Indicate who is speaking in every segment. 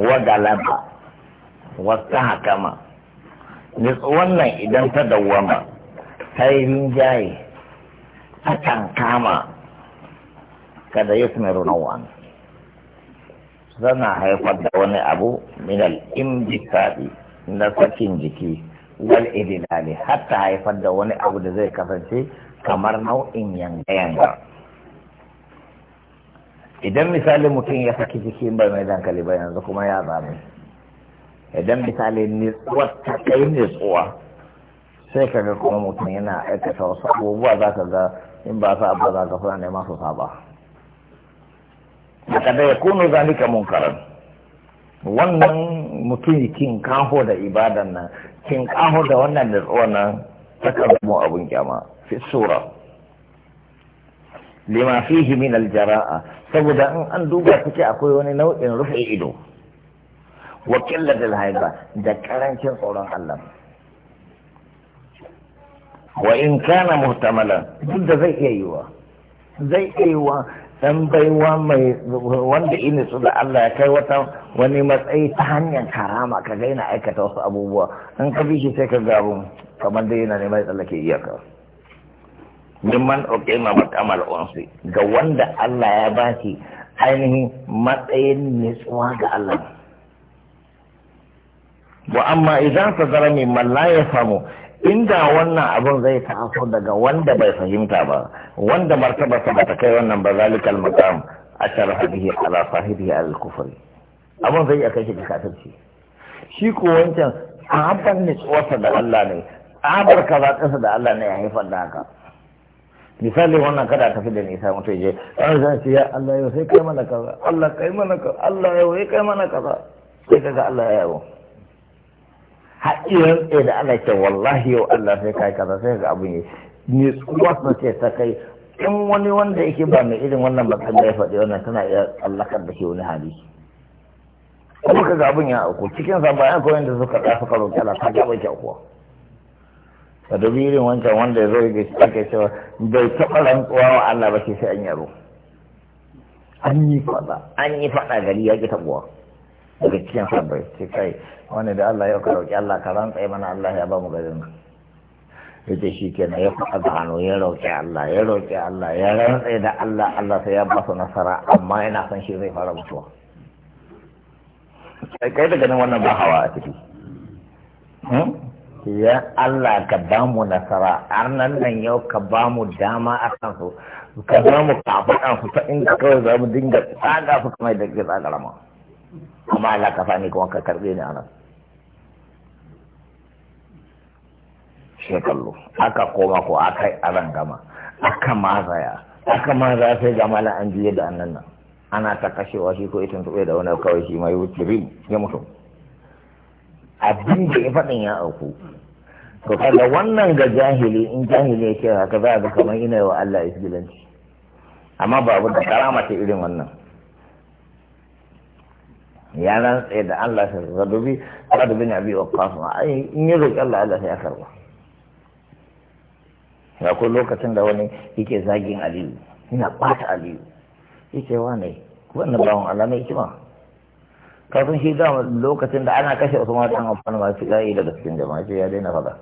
Speaker 1: wa galaba wasta hakama wannan idan ta dawwama ta yi rinjaye ta kankama kada ya sami zana haifar da wani abu minal imbisadi na sakin jiki wal idilali hatta haifar da wani abu da zai kasance kamar nau'in yanga-yanga idan misali mutum ya saki jiki ba mai dankali ba yanzu kuma ya zame idan misali nitsuwa ta kai nitsuwa sai kaga kuma mutum yana aikata wasu abubuwa za ka ga in ba sa ba za ka fara ne masu saba haka da ya kunu zalika munkaran wannan mutum kin kaho da ibadan nan kin kaho da wannan nitsuwa nan ta kan abun kyama fi sura lima fihi min aljara'a saboda in an duba kace akwai wani nau'in rufe ido wa qillatil haiba da karancin tsoron Allah wa in kana muhtamala duk da zai iya yiwa zai iya yiwa dan baiwa mai wanda ina su da Allah ya kai wata wani matsayi ta hanyar karama ka ga yana aikata wasu abubuwa in ka bi shi sai ka ga kamar dai yana neman tsallake iyaka ma uqima maqamal unsi ga wanda Allah ya baki ainihin matsayin nutsuwa ga Allah wa amma idan ka zara mai la ya famu inda wannan abun zai taso daga wanda bai fahimta ba wanda martabarsa ba ta kai wannan ba zalikal maqam ashar hadihi ala sahibi al kufri abun zai aka shi kafirci shi ko wancan sahabban nutsuwarsa da Allah ne tsabar kaza da Allah ne ya haifar da haka misali wannan kada tafi da nisa mutum je an zan ce ya Allah yau sai kai mana kaza Allah kai mana kaza Allah yau sai kai mana kaza sai kaga Allah ya yawo haɗiyar tsaye da ana ce wallahi yau Allah sai kai kaza sai ga abun yi ni tsuwa na ce ta kai in wani wanda yake ba mai irin wannan bakan da ya faɗi wannan tana iya tsallakar da ke wani hali kuma kaga abun ya auku cikin sa bayan koyon da suka ɗafa karo kyala ta gaba kyau kuwa da dubirin wancan wanda ya zo da shi ake cewa bai taɓa rantsuwa wa Allah ba sai an yaro an yi faɗa an yi faɗa gari ya ki taɓuwa daga cikin sabbai sai kai wani da Allah ya ka rauki Allah ka rantsa mana Allah ya ba mu garin nan ya ce shi kenan ya faɗa da hannu ya rauki Allah ya rauki Allah ya rantsa da Allah Allah sai ya ba su nasara amma yana son shi zai fara mutuwa kai daga nan wannan ba hawa a ciki ya Allah ka ba mu nasara har nan yau ka ba mu dama a kan su ka ba mu kafa kan su ta inda kawai za mu dinga tsaga su kamar da ke tsaga rama amma Allah ka fani kuma ka karbe ni anan shekallo aka koma ko aka yi aran gama aka zaya aka zaya sai ga malam an jiye da annan nan ana ta kashewa shi ko itin tuɓe da wani kawai shi mai wuce ya mutu abin da ya faɗin ya auku to kada wannan ga jahili in jahili ya ce haka za ga kamar ina wa Allah isgilanci amma babu da karama ta irin wannan ya tsaye da Allah sai ka dubi ka dubi na biyu waqqas ai in yi roƙi Allah Allah ya karba ga ko lokacin da wani yake zagin Aliyu ina ɓata Aliyu yake wa wannan bawon Allah mai hikima kafin shi da lokacin da ana kashe Usman dan Affan ba shi kai daga cikin jama'a ya daina faɗa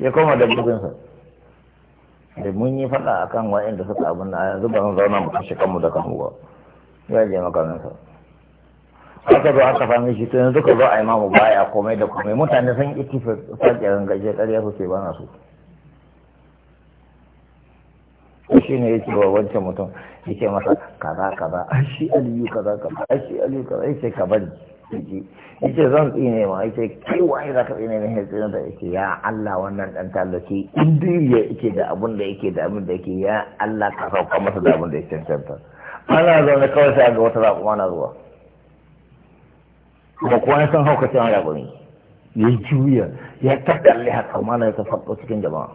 Speaker 1: ya koma da bugun sa da mun yi kan akan da suka da a yanzu ba zauna mu kashe kanmu da kanmu ba ya je makamin sa aka zo aka fami shi to yanzu ka zo a mamu baya komai da komai mutane sun ittifaqi ran gaje ƙarya suke ba na su. shi ne yake wa wancan mutum yake masa kaza kaza a shi aliyu kaza kaza a shi aliyu kaza yake ka bari yake yake zan tsine ma yake kai waye zaka tsine ne ya tsine da yake ya Allah wannan dan tallaki in ya yake da abun da yake da abun da yake ya Allah ka sauka masa da abun da yake cancanta ana zaune kawai sai ga wata kuma na zuwa kuma kuwa ya san hauka cewa ne ya juya ya ta kalli haka mana ya ta cikin jama'a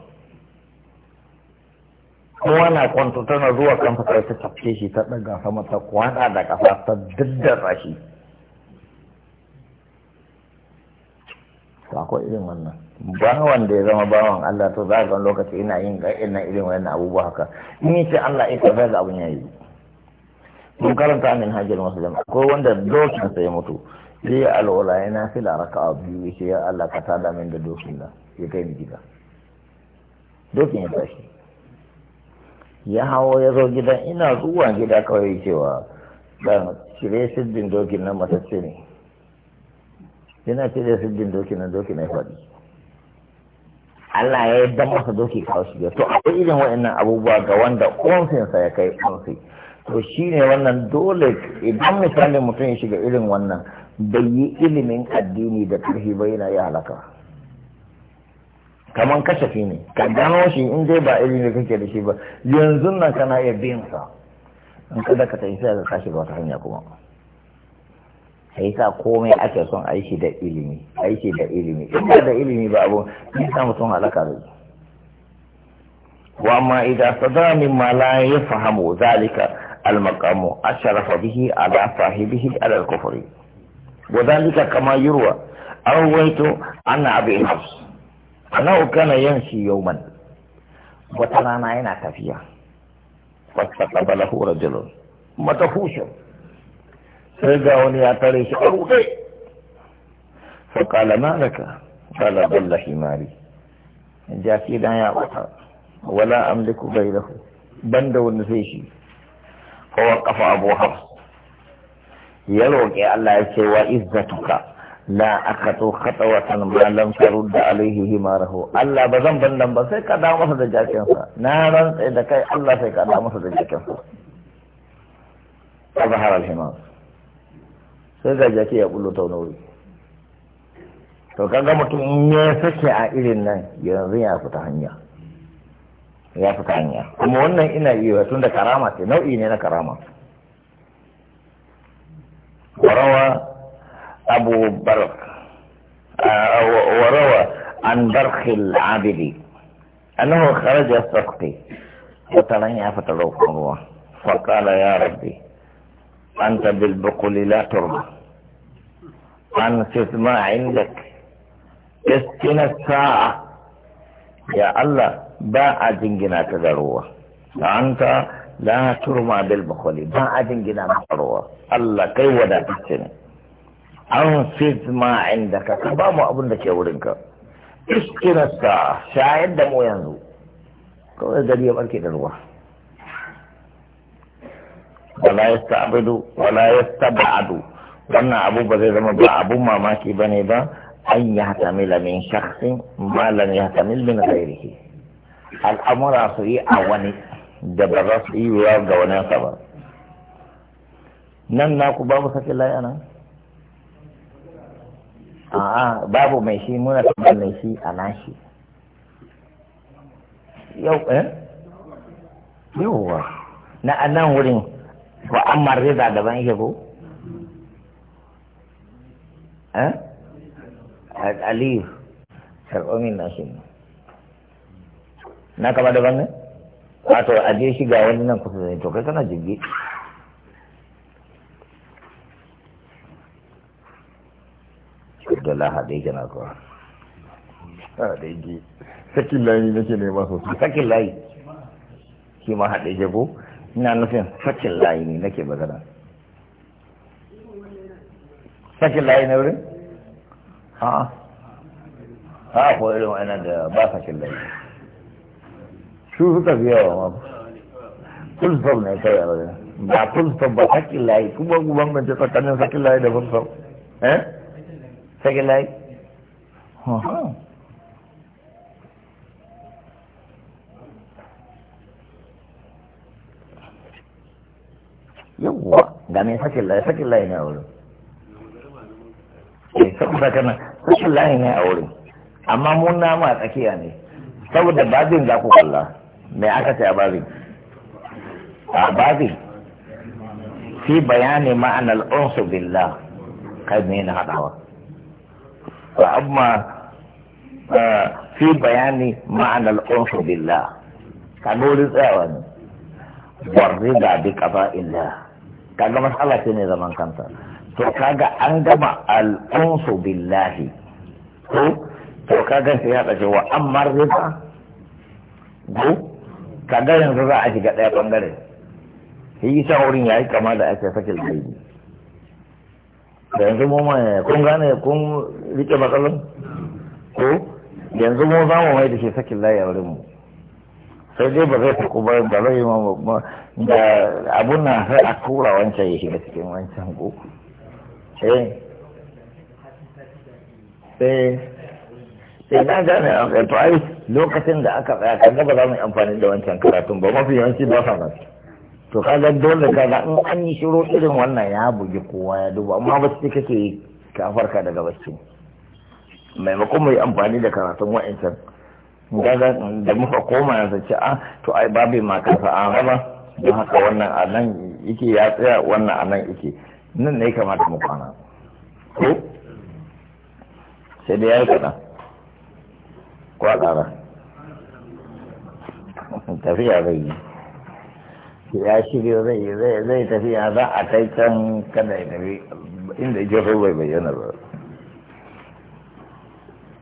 Speaker 1: kowa na kwanto tana zuwa kan fasa ta tafke shi ta ɗaga sama ta kwana da ƙasa ta daddara shi Sako irin wannan ba wanda ya zama bawan Allah to za ga lokaci ina yin ga ina irin wannan abubuwa haka in yace Allah ya kaza da abun yayi mun karanta min hajjar muslim Ko wanda dokin sai mutu sai ya alwala yana fila a biyu ce ya Allah ka tada min da dokin na ya kai ni gida dokin ya tashi ya hawo ya zo gidan ina zuwa gida kawai cewa dan cire siddin dokin nan matacce ne yana cire siddin dokin nan dokin ya faɗi Allah ya yarda masa doki kawo shi to akwai irin waɗannan abubuwa ga wanda ƙunfinsa ya kai ƙunfi to shi ne wannan dole idan misalin mutum ya shiga irin wannan bai yi ilimin addini da ƙarfi ba yana yi halaka kaman kashafi ne ka gano shi in dai ba ilimi ne kake da shi ba yanzu nan kana iya bin sa in ka ka tafi sai ka kashi ba ta hanya kuma sai sa komai ake son aiki da ilimi aiki da ilimi in da ilimi ba abu in sa mutum alaka da shi wa amma idan sada min ma la yafhamu zalika al maqamu asharafa bihi ala sahibihi ala al kufri wa zalika kama yurwa an anna abi أنه كان يمشي يوما وترانا عينا تفيا فاستقبله رجل متفوش سيقاوني أتريش أروحي فقال ما لك قال ضل حماري جاكي لا يا أخر ولا أملك غيره بند والنسيشي فوقف أبو حفص يلوك الله يسوى إذتك la akatu khatawatan ma lam tarud alaihi himarahu Allah ba zan bandan ba sai ka dawo masa da jakin sa na rantsa da kai Allah sai ka dawo masa da jakin sa azhar al himar sai ga jaki ya bullo taunori to kaga mutum in ya sake a irin nan yanzu ya fita hanya ya fita hanya kuma wannan ina iya tun da karama ce nau'i ne na karama warawa أبو برق آه، وروى عن برخ العابدي أنه خرج السقطي وتلني فتلوك الله فقال يا ربي أنت بالبقل لا ترمى أنفذ ما عندك اسكن الساعة يا الله باع جنجنا تذروه أنت لا ترمى بالبخل باع جنجنا تذروه الله كي ودا تسنه أنفذ ما عندك كبا ما أبن لك يا ولنك اسكن الساعة شاهد دم وينزو كوي دليا بركي دلوح ولا يستعبدو ولا يستبعدو وانا أبو بذي زمان أبو ماما كي بني با أن يهتمل من شخص ما لن يهتمل من غيره الأمر أصري أواني دبر رسي ويارد ونا سبا نن ناكو بابو سكي الله يا a'a babu mai shi muna tambayar mai shi a nashi yau eh yauwa na anan wurin wa amma da daban yake ko eh aliyu karɓo min nashi ne na kama daban ne wato aje shi ga wani nan kusa da to kai kana jirgi lahadi yana zuwa a daidai sakin layi nake nema sosai sakin layi shi ma haɗe jago ina nufin sakin layi ne nake magana sakin layi na wurin ha ha ko irin wa'ina da ba sakin layi su suka fi yawa ma full stop ne kai a wajen ba full ba sakin layi kuma guban bance tsakanin sakin layi da full eh sake layi yawwa ga mai layi ne a wurin eh saboda kana sake layi ne a wurin amma mun nama a tsakiya ne saboda babin za ku kalla aka ce a fi bayani ma'anar unsu billah kai ne na haɗawa فأما في بيان معنى الأنف بالله كنور الزعوان والرضا بقضاء الله كما مسألة تاني زمان كانت تو عندما أنجمع الأنف بالله تو في هذا جوا أما الرضا ko kaga yanzu za قد shiga هي شعورين shi كما sa wurin yayi kama yanzu mu mai kun gane kun rike matsalin ko yanzu mu za mu mai da shi sakin layi a wurin mu sai dai ba zai taku ba ba zai ma da abun nan sai a kura wancan ya shiga cikin wancan ko eh eh sai eh, na gane a eh, kai to ai lokacin da aka tsaya kan ba za mu yi amfani da wancan karatun ba mafi yawanci ba sa nan to kaga dole kaga in an yi shiru irin wannan ya bugi kowa ya duba amma su kake ka daga bacci maimakon mu yi amfani da karatun wa'ancan gaza da muka koma ya zace a ah, to ai babu ma kafa a raba don haka wannan a nan yake ya tsaya wannan a nan yake nan ne kamata mu kwana ko sai da ya yi kaɗan ko a tafiya zai yi ya shirya zai zai tafiya za a kai can kada ya tafi inda ya bai bayyana ba